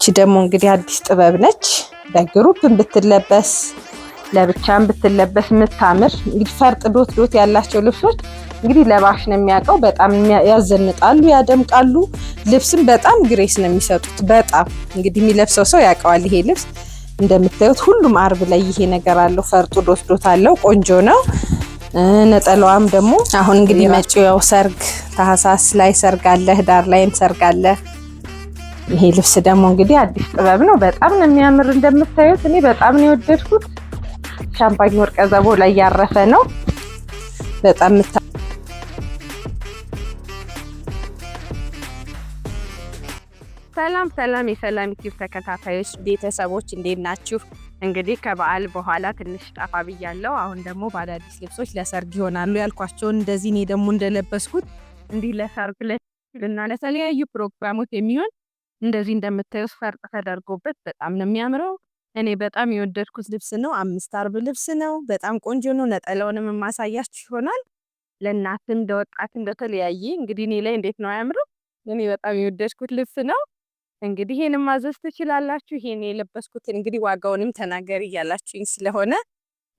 እቺ ደግሞ እንግዲህ አዲስ ጥበብ ነች። ለግሩፕ ብትለበስ ለብቻም ብትለበስ የምታምር እንግዲህ ፈርጥ ዶት ዶት ያላቸው ልብሶች እንግዲህ ለባሽ ነው የሚያውቀው። በጣም ያዘንጣሉ፣ ያደምቃሉ። ልብስም በጣም ግሬስ ነው የሚሰጡት። በጣም እንግዲህ የሚለብሰው ሰው ያውቀዋል። ይሄ ልብስ እንደምታዩት ሁሉም አርብ ላይ ይሄ ነገር አለው። ፈርጡ ዶት ዶት አለው። ቆንጆ ነው። ነጠላዋም ደግሞ አሁን እንግዲህ መጪው ያው ሰርግ ታህሳስ ላይ ሰርግ አለ፣ ህዳር ላይም ሰርግ አለ። ይሄ ልብስ ደግሞ እንግዲህ አዲስ ጥበብ ነው። በጣም ነው የሚያምር እንደምታዩት። እኔ በጣም ነው የወደድኩት። ሻምፓኝ ወርቀ ዘቦ ላይ ያረፈ ነው። በጣም ሰላም ሰላም፣ የሰላም ዩቲዩብ ተከታታዮች ቤተሰቦች እንዴት ናችሁ? እንግዲህ ከበዓል በኋላ ትንሽ ጣፋ ብያለሁ። አሁን ደግሞ ባዳዲስ ልብሶች ለሰርግ ይሆናሉ ያልኳቸውን እንደዚህ እኔ ደግሞ እንደለበስኩት እንዲህ ለሰርግ ለና ለተለያዩ ፕሮግራሞች የሚሆን እንደዚህ እንደምታዩት ፈርጥ ተደርጎበት በጣም ነው የሚያምረው። እኔ በጣም የወደድኩት ልብስ ነው። አምስት አርብ ልብስ ነው። በጣም ቆንጆ ነው። ነጠላውንም የማሳያችሁ ይሆናል። ለእናትም ለወጣትም በተለያየ እንግዲህ እኔ ላይ እንዴት ነው አያምረው እኔ በጣም የወደድኩት ልብስ ነው። እንግዲህ ይህን ማዘዝ ትችላላችሁ። ይሄን የለበስኩትን እንግዲህ ዋጋውንም ተናገሪ እያላችሁኝ ስለሆነ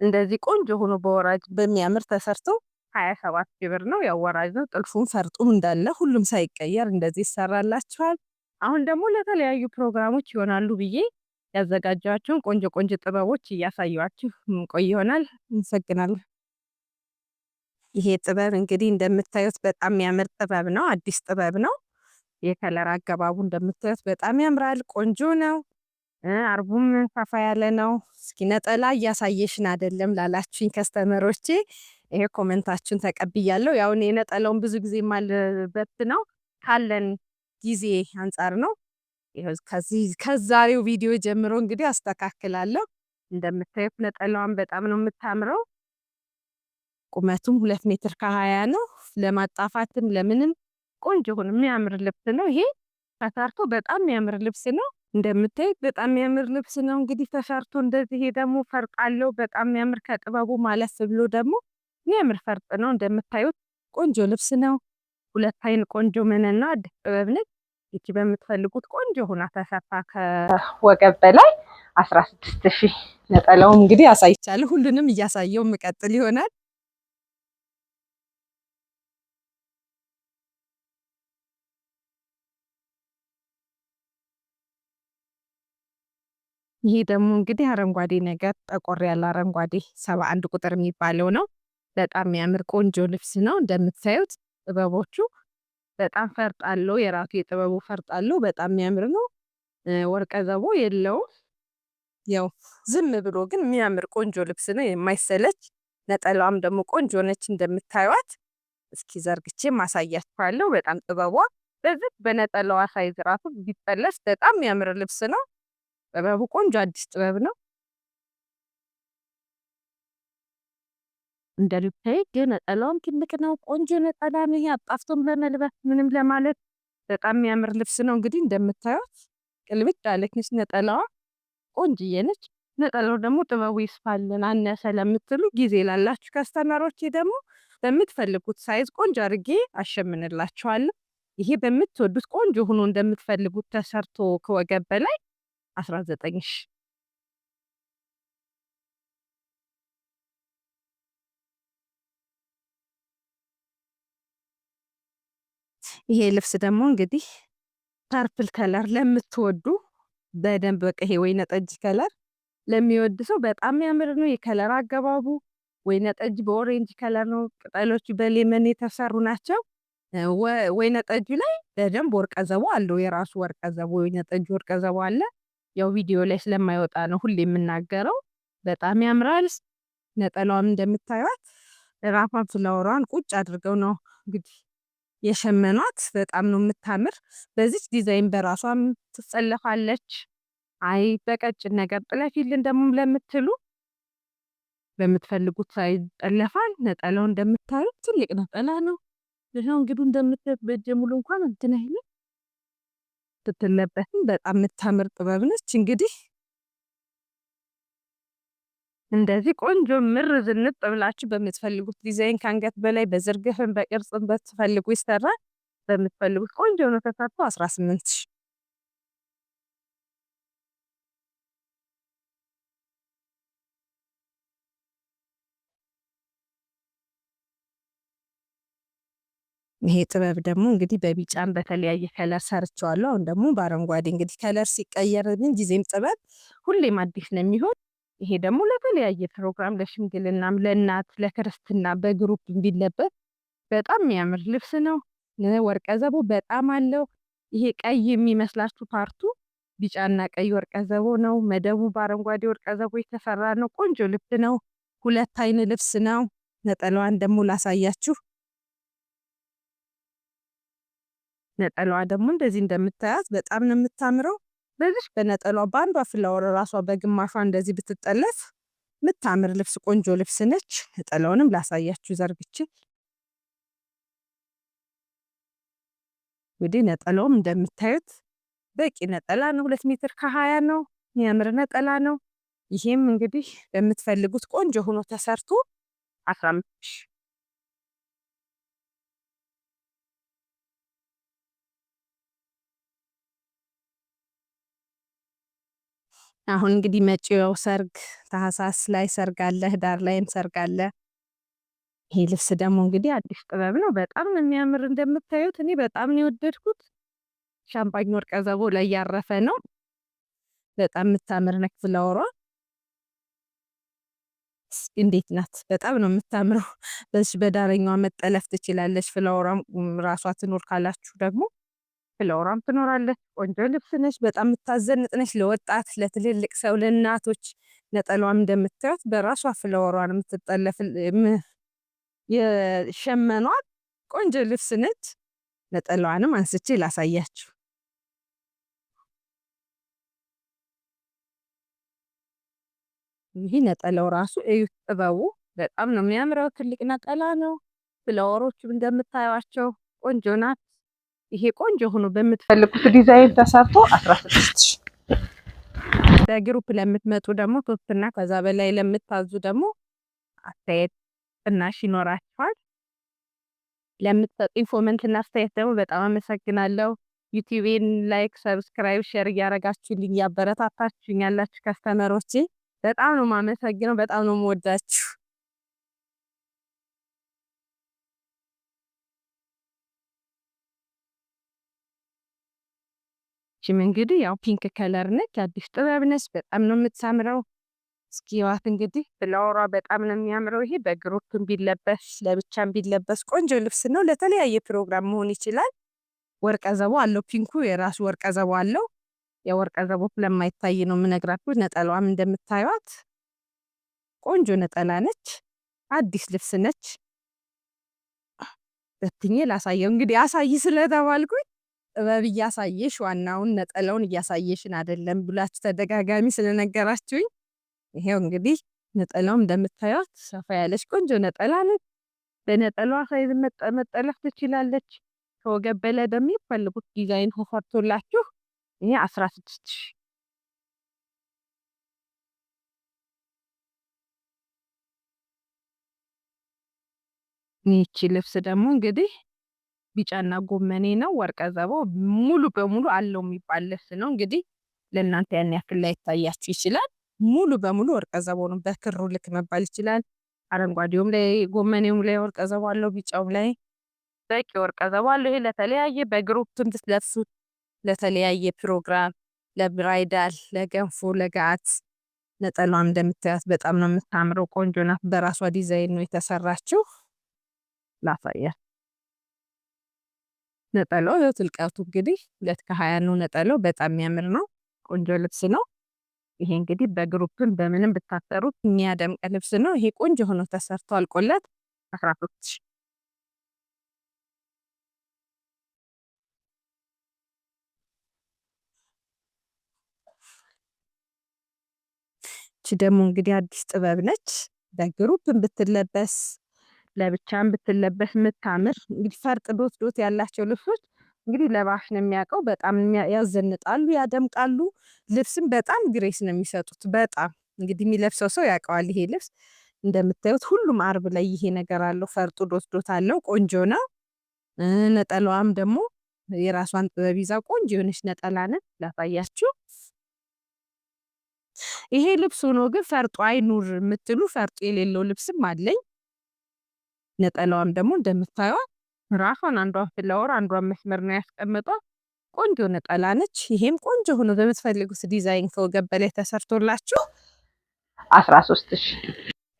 እንደዚህ ቆንጆ ሆኖ በወራጅ በሚያምር ተሰርቶ ሀያ ሰባት ሺህ ብር ነው። ያወራጅ ነው። ጥልፉም ፈርጡም እንዳለ ሁሉም ሳይቀየር እንደዚህ ይሰራላችኋል። አሁን ደግሞ ለተለያዩ ፕሮግራሞች ይሆናሉ ብዬ ያዘጋጇቸውን ቆንጆ ቆንጆ ጥበቦች እያሳየኋችሁ ቆይ ይሆናል። እንሰግናለን። ይሄ ጥበብ እንግዲህ እንደምታዩት በጣም የሚያምር ጥበብ ነው። አዲስ ጥበብ ነው። የከለር አገባቡ እንደምታዩት በጣም ያምራል። ቆንጆ ነው። አርቡም ፈፋ ያለ ነው። እስኪ ነጠላ እያሳየሽን አይደለም ላላችሁኝ ከስተመሮቼ ይሄ ኮመንታችሁን ተቀብያለሁ። ያው እኔ ነጠላውን ብዙ ጊዜ ማልበት ነው ካለን ጊዜ አንጻር ነው። ከዛሬው ቪዲዮ ጀምሮ እንግዲህ አስተካክላለሁ። እንደምታዩት ነጠላዋን በጣም ነው የምታምረው። ቁመቱም ሁለት ሜትር ከሀያ ነው። ለማጣፋትም ለምንም ቆንጆ ሆነ የሚያምር ልብስ ነው ይሄ። ተሰርቶ በጣም የሚያምር ልብስ ነው። እንደምታዩት በጣም የሚያምር ልብስ ነው። እንግዲህ ተሰርቶ እንደዚህ ደግሞ ፈርጥ አለው። በጣም የሚያምር ከጥበቡ ማለፍ ብሎ ደግሞ የሚያምር ፈርጥ ነው። እንደምታዩት ቆንጆ ልብስ ነው። ሁለት አይን ቆንጆ መነና አዲስ ጥበብ ነች። ይቺ በምትፈልጉት ቆንጆ ሆና ተሰፋ ከወገብ በላይ አስራ ስድስት ሺህ ነጠላውም እንግዲህ አሳይቻለሁ። ሁሉንም እያሳየው የምቀጥል ይሆናል። ይሄ ደግሞ እንግዲህ አረንጓዴ ነገር ጠቆር ያለ አረንጓዴ ሰባ አንድ ቁጥር የሚባለው ነው። በጣም የሚያምር ቆንጆ ልብስ ነው። እንደምታዩት ጥበቦቹ በጣም ፈርጥ አለው። የራሱ የጥበቡ ፈርጥ አለው። በጣም የሚያምር ነው። ወርቀ ዘቦ የለውም። ያው ዝም ብሎ ግን የሚያምር ቆንጆ ልብስ ነው፣ የማይሰለች ነጠላዋም ደግሞ ቆንጆ ነች። እንደምታዩት እስኪ ዘርግቼ ማሳያችኋለሁ። በጣም ጥበቧ በዚህ በነጠላዋ ሳይዝ ራሱ ቢጠለፍ በጣም የሚያምር ልብስ ነው። ጥበቡ ቆንጆ አዲስ ጥበብ ነው። እንደ ግን ነጠላውም ትልቅ ነው። ቆንጆ ነጠላ ነው። አጣፍቶም ለመልበስ ምንም ለማለት በጣም የሚያምር ልብስ ነው። እንግዲህ እንደምታዩት ቅልብጭ ያለች ነጠላዋ ቆንጅዬ ነች። ነጠላው ደግሞ ጥበቡ ይስፋልን አነሰ ለምትሉ ጊዜ ላላችሁ ከስተመሮቼ ደግሞ በምትፈልጉት ሳይዝ ቆንጆ አድርጌ አሸምንላችኋለሁ። ይሄ በምትወዱት ቆንጆ ሆኖ እንደምትፈልጉት ተሰርቶ ከወገብ በላይ 19 ሺ ይሄ ልብስ ደግሞ እንግዲህ ፐርፕል ከለር ለምትወዱ በደንብ በቃ ይሄ ወይነ ጠጅ ከለር ለሚወድ ሰው በጣም የሚያምር ነው። የከለር አገባቡ ወይነ ጠጅ በኦሬንጅ ከለር ነው። ቅጠሎቹ በሌመን የተሰሩ ናቸው። ወይነ ጠጁ ላይ በደንብ ወርቀ ዘቦ አለው። የራሱ ወርቀ ዘቦ ወይነ ጠጁ ወርቀ ዘቦ አለ። ያው ቪዲዮ ላይ ስለማይወጣ ነው ሁሌ የምናገረው። በጣም ያምራል። ነጠላዋም እንደምታዩት ራፋም ፍላወሯን ቁጭ አድርገው ነው እንግዲህ የሸመኗት በጣም ነው የምታምር። በዚች ዲዛይን በራሷም ትጸለፋለች። አይ በቀጭን ነገር ጥለፊልን ደግሞ ለምትሉ በምትፈልጉት ሳይዝ ጠለፋል። ነጠላው እንደምታዩት ትልቅ ነጠላ ነው። ይኸው እንግዲህ እንደምታዩት ሙሉ እንኳን እንትን አይልም። ስትለበትም በጣም የምታምር ጥበብ ነች እንግዲህ እንደዚህ ቆንጆ ምር ዝንጥ ብላችሁ በምትፈልጉት ዲዛይን ከአንገት በላይ በዝርግፍን በቅርጽን በትፈልጉ ይሰራል። በምትፈልጉት ቆንጆ ነው ተሰርቶ አስራ ስምንት ሺ ይሄ ጥበብ ደግሞ እንግዲህ በቢጫም በተለያየ ከለር ሰርቸዋለሁ። አሁን ደግሞ በአረንጓዴ እንግዲህ ከለር ሲቀየር ጊዜም ጥበብ ሁሌም አዲስ ነው የሚሆን ይሄ ደግሞ ለተለያየ ፕሮግራም ለሽምግልናም፣ ለእናት ለክርስትና በግሩፕ ቢለበት በጣም የሚያምር ልብስ ነው። ወርቀ ዘቦ በጣም አለው። ይሄ ቀይ የሚመስላችሁ ፓርቱ ቢጫና ቀይ ወርቀ ዘቦ ነው። መደቡ በአረንጓዴ ወርቀ ዘቦ የተሰራ ነው። ቆንጆ ልብስ ነው። ሁለት አይን ልብስ ነው። ነጠላዋን ደግሞ ላሳያችሁ። ነጠላዋ ደግሞ እንደዚህ እንደምታያዝ በጣም ነው የምታምረው። ብልህ በነጠሏ በአንዷ ፍላወር ራሷ በግማሿ እንደዚህ ብትጠለፍ ምታምር ልብስ ቆንጆ ልብስ ነች። ነጠላውንም ላሳያችሁ ዘርግች እንግዲህ ነጠላውም እንደምታዩት በቂ ነጠላ ነው። ሁለት ሜትር ከሀያ ነው። የሚያምር ነጠላ ነው። ይሄም እንግዲህ በምትፈልጉት ቆንጆ ሆኖ ተሰርቶ አስራ አምስት አሁን እንግዲህ መጪው ሰርግ ታህሳስ ላይ ሰርግ አለ፣ ህዳር ላይም ሰርግ አለ። ይህ ልብስ ደግሞ እንግዲህ አዲስ ጥበብ ነው። በጣም የሚያምር እንደምታዩት፣ እኔ በጣም ነው የወደድኩት። ሻምፓኝ ወርቀ ዘቦ ላይ ያረፈ ነው። በጣም የምታምር ነክ ፍላወሯ እንዴት ናት? በጣም ነው የምታምረው። በዳረኛዋ መጠለፍ ትችላለች። ፍላወሯም ራሷ ትኖር ካላችሁ ደግሞ ፍሎራም ትኖራለች። ቆንጆ ልብስ ነች። በጣም የምታዘንጥ ነች። ለወጣት ለትልልቅ ሰው ለእናቶች ነጠሏም እንደምታዩት በራሷ ፍለወሯን የምትጠለፍ የሸመኗት ቆንጆ ልብስ ነች። ነጠሏንም አንስቼ ላሳያችሁ። ይህ ነጠላው ራሱ እዩት፣ ጥበቡ በጣም ነው የሚያምረው። ትልቅ ነጠላ ነው። ፍለወሮቹ እንደምታዩቸው ቆንጆ ናት። ይሄ ቆንጆ ሆኖ በምትፈልጉት ዲዛይን ተሰርቶ 16 ሺህ። በግሩፕ ለምትመጡ ደግሞ ሶስትና ከዛ በላይ ለምታዙ ደግሞ አስተያየት ቅናሽ ይኖራችኋል። ለምትሰጡኝ ኮመንት እና አስተያየት ደግሞ በጣም አመሰግናለሁ። ዩቲዩቤን ላይክ፣ ሰብስክራይብ፣ ሼር እያረጋችሁልኝ ያበረታታችሁኝ ያላችሁ ከስተመሮቼ በጣም ነው ማመሰግነው። በጣም ነው የምወዳችሁ። ይህም እንግዲህ ያው ፒንክ ከለር ነች። አዲስ ጥበብ ነች። በጣም ነው የምታምረው። እስኪ ዋት እንግዲህ ብላወሯ በጣም ነው የሚያምረው። ይሄ በእግሮቹን ቢለበስ ለብቻን ቢለበስ ቆንጆ ልብስ ነው። ለተለያየ ፕሮግራም መሆን ይችላል። ወርቀ ዘቦ አለው። ፒንኩ የራሱ ወርቀ ዘቦ አለው። የወርቀ ዘቦ ለማይታይ ነው የምነግራችሁ። ነጠላዋም እንደምታዩት ቆንጆ ነጠላ ነች። አዲስ ልብስ ነች። በትኜ ላሳየው እንግዲህ አሳይ ስለተባልኩኝ ጥበብ እያሳየሽ ዋናውን ነጠላውን እያሳየሽን አይደለም ብላችሁ ተደጋጋሚ ስለነገራችሁኝ ይሄው እንግዲህ ነጠላውም እንደምታዩት ሰፋ ያለች ቆንጆ ነጠላ ነች። በነጠላዋ ሳይዝ መጠለፍ ትችላለች። ከወገብ በላይ በሚፈልጉት ዲዛይን ተሰርቶላችሁ ይሄ አስራ ስድስት ሺ ይቺ ልብስ ደግሞ እንግዲህ ቢጫና ጎመኔ ነው። ወርቀ ዘቦ ሙሉ በሙሉ አለው የሚባል ልብስ ነው። እንግዲህ ለእናንተ ያን ያክል ላይታያችሁ ይችላል። ሙሉ በሙሉ ወርቀ ዘቦ ነው። በክሩ ልክ መባል ይችላል። አረንጓዴውም ላይ ጎመኔውም ላይ ወርቀ ዘቦ አለው። ቢጫውም ላይ በቂ ወርቀ ዘቦ አለው። ይሄ ለተለያየ በግሩፕ ምትለብሱት ለብሱት፣ ለተለያየ ፕሮግራም፣ ለብራይዳል፣ ለገንፎ፣ ለጋት ነጠሏን እንደምታያት በጣም ነው የምታምረው። ቆንጆ ናት። በራሷ ዲዛይን ነው የተሰራችው። ላሳያል ነጠላው ያው ትልቀቱ እንግዲህ ሁለት ከሀያ ነው። ነጠሎ በጣም የሚያምር ነው። ቆንጆ ልብስ ነው። ይሄ እንግዲህ በግሩፕን በምንም ብታሰሩት የሚያደምቅ ልብስ ነው። ይሄ ቆንጆ ሆኖ ተሰርቶ አልቆለት አስራ ሶስት ሺ ደግሞ እንግዲህ አዲስ ጥበብ ነች። በግሩፕን ብትለበስ ለብቻም ብትለበስ የምታምር እንግዲህ ፈርጥ ዶት ዶት ያላቸው ልብሶች እንግዲህ ለባሽ ነው የሚያውቀው። በጣም ያዘንጣሉ፣ ያደምቃሉ። ልብስም በጣም ግሬስ ነው የሚሰጡት። በጣም እንግዲህ የሚለብሰው ሰው ያውቀዋል። ይሄ ልብስ እንደምታዩት ሁሉም አርብ ላይ ይሄ ነገር አለው። ፈርጡ ዶት ዶት አለው። ቆንጆ ነው። ነጠላዋም ደግሞ የራሷን ጥበብ ይዛ ቆንጆ የሆነች ነጠላ ነን ላሳያችሁ። ይሄ ልብስ ሆኖ ግን ፈርጡ አይኑር የምትሉ ፈርጡ የሌለው ልብስም አለኝ። ነጠላዋም ደግሞ እንደምታየዋ ራሷን አንዷ ፍላወር አንዷን መስመር ነው ያስቀምጠው። ቆንጆ ነጠላ ነች። ይሄም ቆንጆ ሆኖ በምትፈልጉት ዲዛይን ከወገብ በላይ ተሰርቶላችሁ አስራ ሶስት ሺ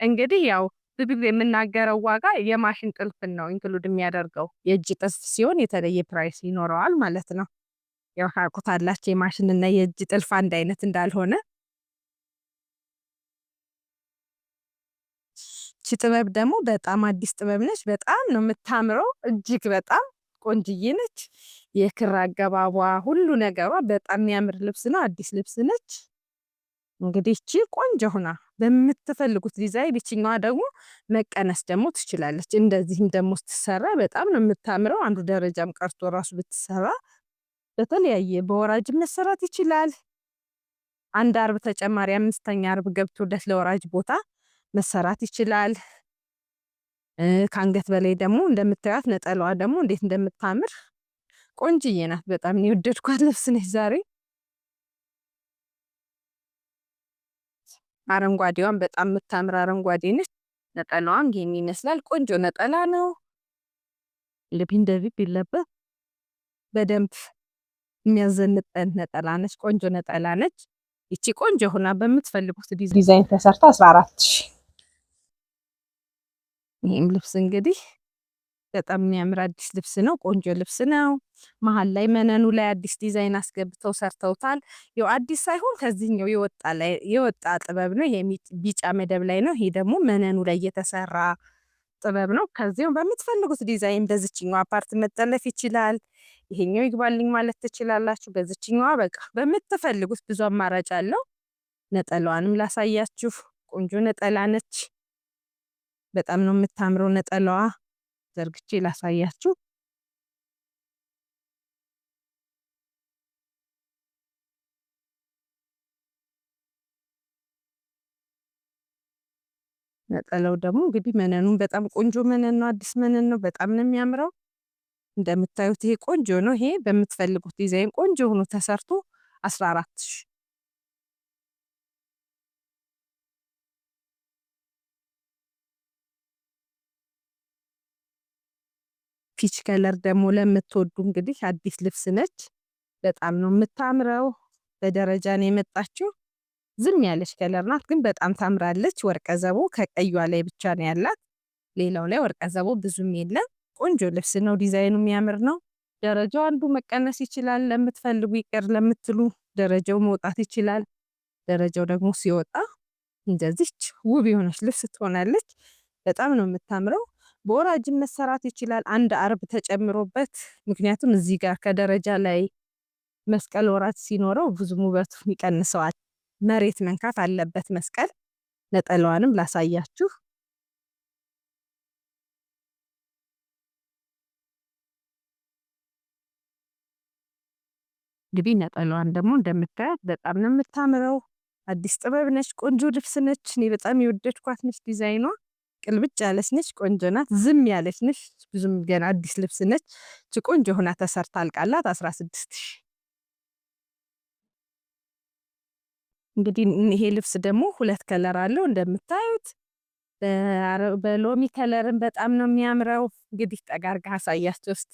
እንግዲህ ያው ብዙ ጊዜ የምናገረው ዋጋ የማሽን ጥልፍን ነው ኢንክሉድ የሚያደርገው የእጅ ጥልፍ ሲሆን የተለየ ፕራይስ ይኖረዋል ማለት ነው። ያው ታውቁታላችሁ የማሽንና የእጅ ጥልፍ አንድ አይነት እንዳልሆነ ጥበብ ደግሞ በጣም አዲስ ጥበብ ነች። በጣም ነው የምታምረው። እጅግ በጣም ቆንጅዬ ነች። የክር አገባቧ ሁሉ ነገሯ በጣም የሚያምር ልብስ ነው። አዲስ ልብስ ነች። እንግዲህ እቺ ቆንጆ ሆና በምትፈልጉት ዲዛይን፣ ይችኛዋ ደግሞ መቀነስ ደግሞ ትችላለች። እንደዚህም ደግሞ ስትሰራ በጣም ነው የምታምረው። አንዱ ደረጃም ቀርቶ ራሱ ብትሰራ በተለያየ በወራጅ መሰራት ይችላል። አንድ አርብ ተጨማሪ አምስተኛ አርብ ገብቶለት ለወራጅ ቦታ መሰራት ይችላል። ከአንገት በላይ ደግሞ እንደምታዩት ነጠላዋ ደግሞ እንዴት እንደምታምር ቆንጅዬ ናት። በጣም የወደድኳት ልብስ ነች። ዛሬ አረንጓዴዋን በጣም የምታምር አረንጓዴ ነች። ነጠላዋም ይህን ይመስላል። ቆንጆ ነጠላ ነው። እንግዲህ እንደዚህ በደንብ የሚያዘንጠን ነጠላ ነች። ቆንጆ ነጠላ ነች። ይቺ ቆንጆ ሆና በምትፈልጉት ዲዛይን ተሰርታ 14 ሺህ ይህም ልብስ እንግዲህ በጣም የሚያምር አዲስ ልብስ ነው። ቆንጆ ልብስ ነው። መሀል ላይ መነኑ ላይ አዲስ ዲዛይን አስገብተው ሰርተውታል። ያው አዲስ ሳይሆን ከዚህኛው የወጣ ጥበብ ነው። ቢጫ መደብ ላይ ነው። ይሄ ደግሞ መነኑ ላይ የተሰራ ጥበብ ነው። ከዚሁም በምትፈልጉት ዲዛይን በዝችኛው አፓርት መጠለፍ ይችላል። ይሄኛው ይግባልኝ ማለት ትችላላችሁ። በዝችኛዋ በቃ በምትፈልጉት ብዙ አማራጭ አለው። ነጠላዋንም ላሳያችሁ። ቆንጆ ነጠላ ነች። በጣም ነው የምታምረው ነጠላዋ። ዘርግቼ ላሳያችሁ። ነጠላው ደግሞ እንግዲህ መነኑን በጣም ቆንጆ መነን ነው፣ አዲስ መነን ነው። በጣም ነው የሚያምረው። እንደምታዩት ይሄ ቆንጆ ነው። ይሄ በምትፈልጉት ዲዛይን ቆንጆ ሆኖ ተሰርቶ አስራ አራት ሺህ ፒች ከለር ደግሞ ለምትወዱ እንግዲህ አዲስ ልብስ ነች። በጣም ነው የምታምረው። በደረጃ ነው የመጣችው። ዝም ያለች ከለር ናት፣ ግን በጣም ታምራለች። ወርቀ ዘቦ ከቀዩ ላይ ብቻ ነው ያላት። ሌላው ላይ ወርቀ ዘቦ ብዙም የለም። ቆንጆ ልብስ ነው። ዲዛይኑ የሚያምር ነው። ደረጃው አንዱ መቀነስ ይችላል። ለምትፈልጉ ይቅር ለምትሉ ደረጃው መውጣት ይችላል። ደረጃው ደግሞ ሲወጣ እንደዚች ውብ የሆነች ልብስ ትሆናለች። በጣም ነው የምታምረው። በወራጅም መሰራት ይችላል። አንድ አርብ ተጨምሮበት ምክንያቱም እዚህ ጋር ከደረጃ ላይ መስቀል ወራት ሲኖረው ብዙ ውበቱ ይቀንሰዋል። መሬት መንካት አለበት መስቀል። ነጠላዋንም ላሳያችሁ። እንግዲህ ነጠላዋን ደግሞ እንደምታያት በጣም ነው የምታምረው። አዲስ ጥበብ ነች። ቆንጆ ልብስ ነች። እኔ በጣም የወደድኳት ነች ዲዛይኗ ቅልብጭ ያለች ነች፣ ቆንጆ ናት። ዝም ያለች ነች፣ ብዙም ገና አዲስ ልብስ ነች። ቆንጆ ሆና ተሰርታ አልቃላት አስራ ስድስት ሺ እንግዲህ ይሄ ልብስ ደግሞ ሁለት ከለር አለው እንደምታዩት በሎሚ ከለርን በጣም ነው የሚያምረው። እንግዲህ ጠጋርጋ አሳያቸው እስቲ።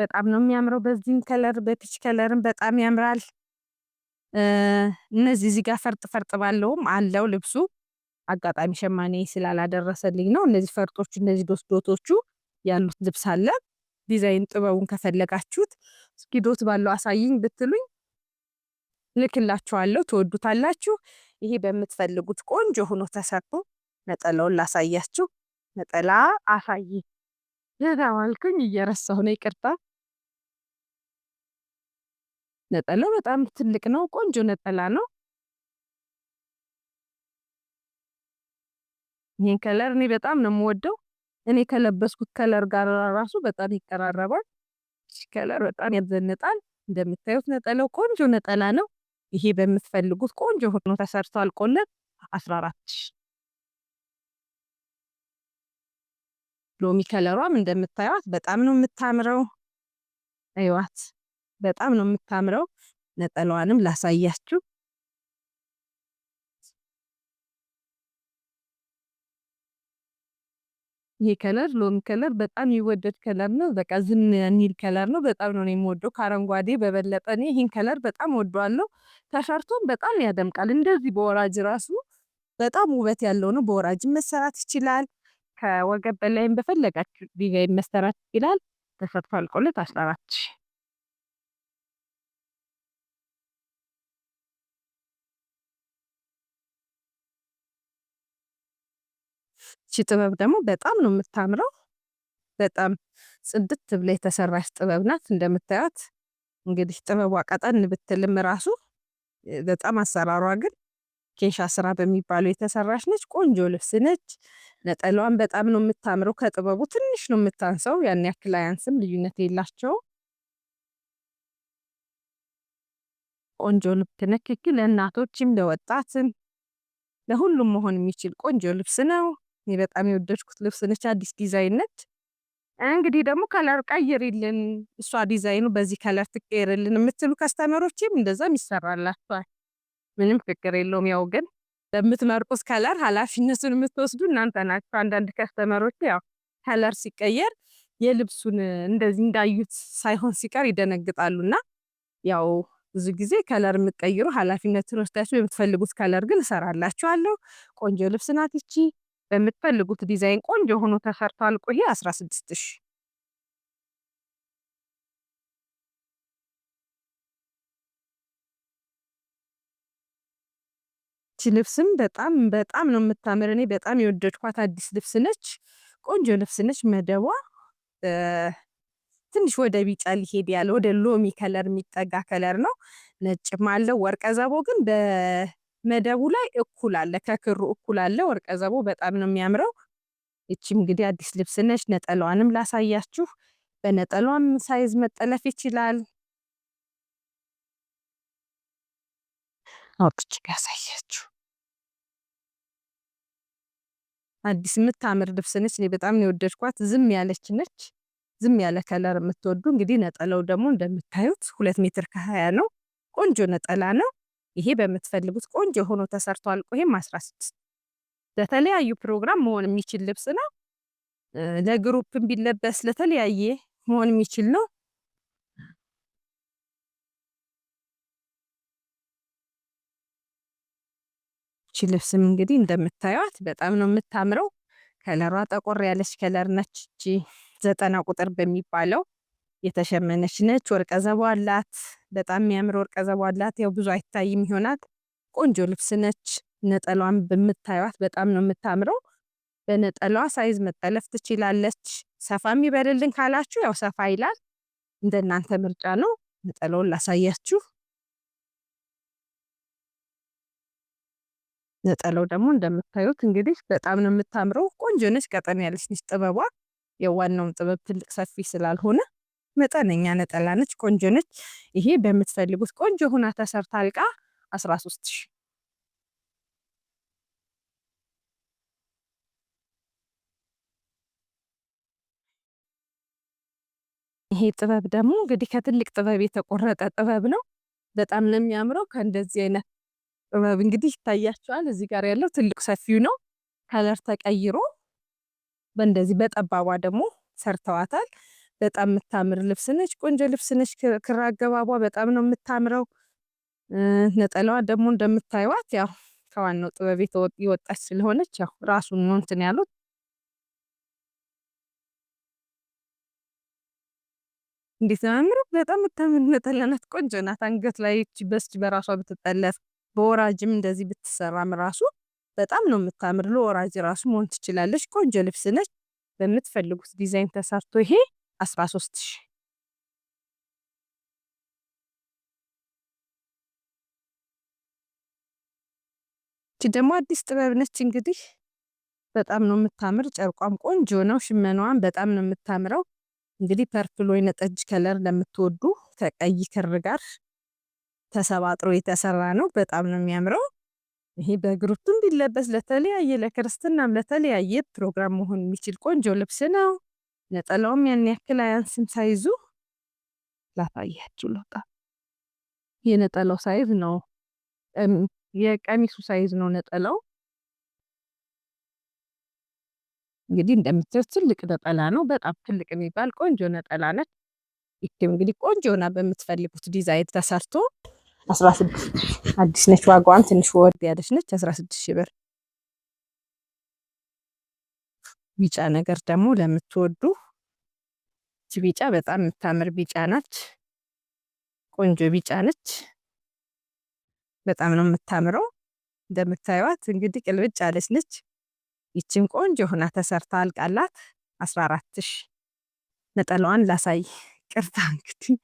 በጣም ነው የሚያምረው። በዚህም ከለር በፒች ከለርን በጣም ያምራል። እነዚህ እዚህ ጋር ፈርጥ ፈርጥ ባለውም አለው ልብሱ አጋጣሚ ሸማኔ ስላላደረሰልኝ ነው። እነዚህ ፈርጦቹ፣ እነዚህ ዶቶቹ ያሉት ልብስ አለ። ዲዛይን ጥበቡን ከፈለጋችሁት እስኪ ዶት ባለው አሳይኝ ብትሉኝ ልክላችኋለሁ። ትወዱታላችሁ። ይሄ በምትፈልጉት ቆንጆ ሆኖ ተሰርቶ ነጠላውን ላሳያችሁ። ነጠላ አሳይ የተባልኩኝ እየረሳሁ ነው፣ ይቅርታ። ነጠላው በጣም ትልቅ ነው። ቆንጆ ነጠላ ነው። ይሄን ከለር እኔ በጣም ነው የምወደው። እኔ ከለበስኩት ከለር ጋር ራሱ በጣም ይቀራረባል። እሺ ከለር በጣም ያዘንጣል። እንደምታዩት ነጠላው ቆንጆ ነጠላ ነው። ይሄ በምትፈልጉት ቆንጆ ሆኖ ተሰርቶ አልቆለት 14 ሎሚ ከለሯም እንደምታዩት በጣም ነው የምታምረው። አይዋት በጣም ነው የምታምረው። ነጠላዋንም ላሳያችሁ ይሄ ከለር ሎሚ ከለር በጣም ይወደድ ከለር ነው። በቃ ዝም የሚል ከለር ነው። በጣም ነው የምወደው። ከአረንጓዴ በበለጠ እኔ ይህን ከለር በጣም ወደዋለሁ። ተሸርቶን በጣም ያደምቃል። እንደዚህ በወራጅ ራሱ በጣም ውበት ያለው ነው። በወራጅ መሰራት ይችላል። ከወገብ በላይም በፈለጋችሁ ዲዛይን መሰራት ይችላል። ተሰርቶ አልቆለት አስራ አራት ሺህ እቺ ጥበብ ደግሞ በጣም ነው የምታምረው። በጣም ጽድት ብላ የተሰራች ጥበብ ናት። እንደምታያት እንግዲህ ጥበቧ ቀጠን ብትልም ራሱ በጣም አሰራሯ ግን ኬሻ ስራ በሚባለው የተሰራች ነች። ቆንጆ ልብስ ነች። ነጠላዋን በጣም ነው የምታምረው። ከጥበቡ ትንሽ ነው የምታንሰው፣ ያን ያክል አያንስም፣ ልዩነት የላቸው። ቆንጆ ልብስ ነች። ለእናቶችም ለወጣትም ለሁሉም መሆን የሚችል ቆንጆ ልብስ ነው። በጣም የወደድኩት ልብስ ነች። አዲስ ዲዛይን ነች። እንግዲህ ደግሞ ከለር ቀይርልን እሷ ዲዛይኑ በዚህ ከለር ትቀይርልን የምትሉ ከስተመሮችም እንደዛም ይሰራላቸዋል። ምንም ፍቅር የለውም። ያው ግን ለምትመርቁት ከለር ኃላፊነቱን የምትወስዱ እናንተ ናችሁ። አንዳንድ ከስተመሮች ያው ከለር ሲቀየር የልብሱን እንደዚህ እንዳዩት ሳይሆን ሲቀር ይደነግጣሉና ያው ብዙ ጊዜ ከለር የምትቀይሩ ኃላፊነትን ወስዳችሁ የምትፈልጉት ከለር ግን እሰራላችኋለሁ። ቆንጆ ልብስ ናት ይቺ። በምትፈልጉት ዲዛይን ቆንጆ ሆኖ ተሰርቶ አልቆ ይሄ 16 ሺ ይቺ ልብስም በጣም በጣም ነው የምታምር። እኔ በጣም የወደድኳት አዲስ ልብስ ነች። ቆንጆ ልብስ ነች። መደቧ ትንሽ ወደ ቢጫ ሊሄድ ያለ ወደ ሎሚ ከለር የሚጠጋ ከለር ነው። ነጭም አለው። ወርቀ ዘቦ ግን መደቡ ላይ እኩል አለ፣ ከክሩ እኩል አለ። ወርቀ ዘቦ በጣም ነው የሚያምረው። ይቺም እንግዲህ አዲስ ልብስ ነች። ነጠላዋንም ላሳያችሁ። በነጠላዋም ሳይዝ መጠለፍ ይችላል። አውጥቼ ያሳያችሁ። አዲስ የምታምር ልብስ ነች። እኔ በጣም ነው የወደድኳት። ዝም ያለች ነች። ዝም ያለ ከለር የምትወዱ እንግዲህ ነጠላው ደግሞ እንደምታዩት ሁለት ሜትር ከሀያ ነው። ቆንጆ ነጠላ ነው። ይሄ በምትፈልጉት ቆንጆ ሆኖ ተሰርቷል። ይሄም አስራ ስድስት ለተለያዩ ፕሮግራም መሆን የሚችል ልብስ ነው። ለግሩፕ ቢለበስ ለተለያየ መሆን የሚችል ነው። ይቺ ልብስም እንግዲህ እንደምታዩት በጣም ነው የምታምረው። ከለሯ ጠቆር ያለች ከለር ነች። ዘጠና ቁጥር በሚባለው የተሸመነች ነች። ወርቀ ዘቦ አላት። በጣም የሚያምር ወርቀ ዘቦ አላት። ያው ብዙ አይታይም ይሆናል። ቆንጆ ልብስ ነች። ነጠሏን በምታዩት በጣም ነው የምታምረው። በነጠሏ ሳይዝ መጠለፍ ትችላለች። ሰፋ የሚበልልን ካላችሁ ያው ሰፋ ይላል። እንደናንተ ምርጫ ነው። ነጠላውን ላሳያችሁ። ነጠላው ደግሞ እንደምታዩት እንግዲህ በጣም ነው የምታምረው። ቆንጆ ነች። ቀጠን ያለች ነች። ጥበቧ የዋናውን ጥበብ ትልቅ ሰፊ ስላልሆነ መጠነኛ ነጠላ ነች። ቆንጆ ነች። ይሄ በምትፈልጉት ቆንጆ ሁና ተሰርታ አልቃ 13 ሺህ ይሄ ጥበብ ደግሞ እንግዲህ ከትልቅ ጥበብ የተቆረጠ ጥበብ ነው። በጣም ነው የሚያምረው። ከእንደዚህ አይነት ጥበብ እንግዲህ ይታያቸዋል። እዚህ ጋር ያለው ትልቁ ሰፊው ነው። ከለር ተቀይሮ በእንደዚህ በጠባቧ ደግሞ ሰርተዋታል። በጣም የምታምር ልብስ ነች። ቆንጆ ልብስ ነች። ክር አገባቧ በጣም ነው የምታምረው። ነጠላዋ ደግሞ እንደምታይዋት ያው ከዋናው ጥበብ የወጣች ስለሆነች ያው ራሱን ነው እንትን ያሉት እንዴት ነው በጣም የምታምር ነጠላ ናት። ቆንጆ ናት። አንገት ላይ በስች በራሷ ብትጠለፍ በወራጅም እንደዚህ ብትሰራም ራሱ በጣም ነው የምታምር። ለወራጅ ራሱ መሆን ትችላለች። ቆንጆ ልብስ ነች። በምትፈልጉት ዲዛይን ተሰርቶ ይሄ አስራ ሶስት ሺህ ይቺ ደግሞ አዲስ ጥበብ ነች። እንግዲህ በጣም ነው የምታምር። ጨርቋም ቆንጆ ነው። ሽመናዋን በጣም ነው የምታምረው። እንግዲህ ፐርፕል ወይነ ጠጅ ከለር ለምትወዱ ከቀይ ክር ጋር ተሰባጥሮ የተሰራ ነው። በጣም ነው የሚያምረው። ይሄ በግሩፕም ቢለበስ ለተለያየ ለክርስትናም ለተለያየ ፕሮግራም መሆን የሚችል ቆንጆ ልብስ ነው። ነጠላውም ያን ያክል አያንስም። ሳይዙ ላሳያችሁ ለውጣ የነጠላው ሳይዝ ነው የቀሚሱ ሳይዝ ነው ነጠላው። እንግዲህ እንደምትስ ትልቅ ነጠላ ነው። በጣም ትልቅ የሚባል ቆንጆ ነጠላ ነች። ይህም እንግዲህ ቆንጆ ሆና በምትፈልጉት ዲዛይን ተሰርቶ አስራ ስድስት አዲስ ነች። ዋጋዋም ትንሽ ወርድ ያለች ነች። አስራ ስድስት ሺህ ብር ቢጫ ነገር ደግሞ ለምትወዱ ቢጫ በጣም የምታምር ቢጫ ናች። ቆንጆ ቢጫ ነች። በጣም ነው የምታምረው። እንደምታዩት እንግዲህ ቅልብጭ አለች ነች። ይችን ቆንጆ ሆና ተሰርታ አልቃላት አስራ አራት ሺ ነጠላዋን ላሳይ። ቅርታ እንግዲህ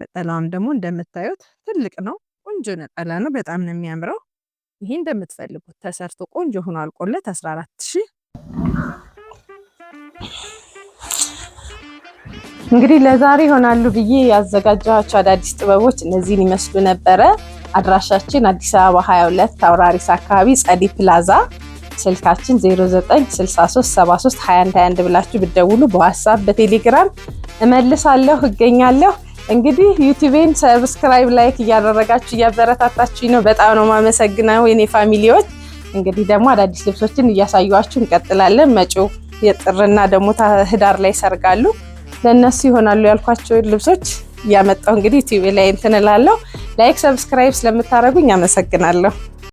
ነጠላዋም ደግሞ እንደምታዩት ትልቅ ነው። ቆንጆ ነጠላ ነው። በጣም ነው የሚያምረው። ይህ እንደምትፈልጉት ተሰርቶ ቆንጆ ሆኖ አልቆለት 14 ሺህ እንግዲህ ለዛሬ ይሆናሉ ብዬ ያዘጋጀኋቸው አዳዲስ ጥበቦች እነዚህን ይመስሉ ነበረ። አድራሻችን አዲስ አበባ 22 አውራሪስ አካባቢ ጸዲ ፕላዛ፣ ስልካችን 0963732121 ብላችሁ ብደውሉ በዋትሳፕ በቴሌግራም እመልሳለሁ እገኛለሁ። እንግዲህ ዩቲቤን ሰብስክራይብ፣ ላይክ እያደረጋችሁ እያበረታታችሁኝ ነው። በጣም ነው ማመሰግነው የኔ ፋሚሊዎች። እንግዲህ ደግሞ አዳዲስ ልብሶችን እያሳዩችሁ እንቀጥላለን። መጪው የጥርና ደግሞ ህዳር ላይ ይሰርጋሉ። ለእነሱ ይሆናሉ ያልኳቸው ልብሶች እያመጣው እንግዲህ ዩቲቤ ላይ እንትንላለሁ። ላይክ ሰብስክራይብ ስለምታደረጉኝ አመሰግናለሁ።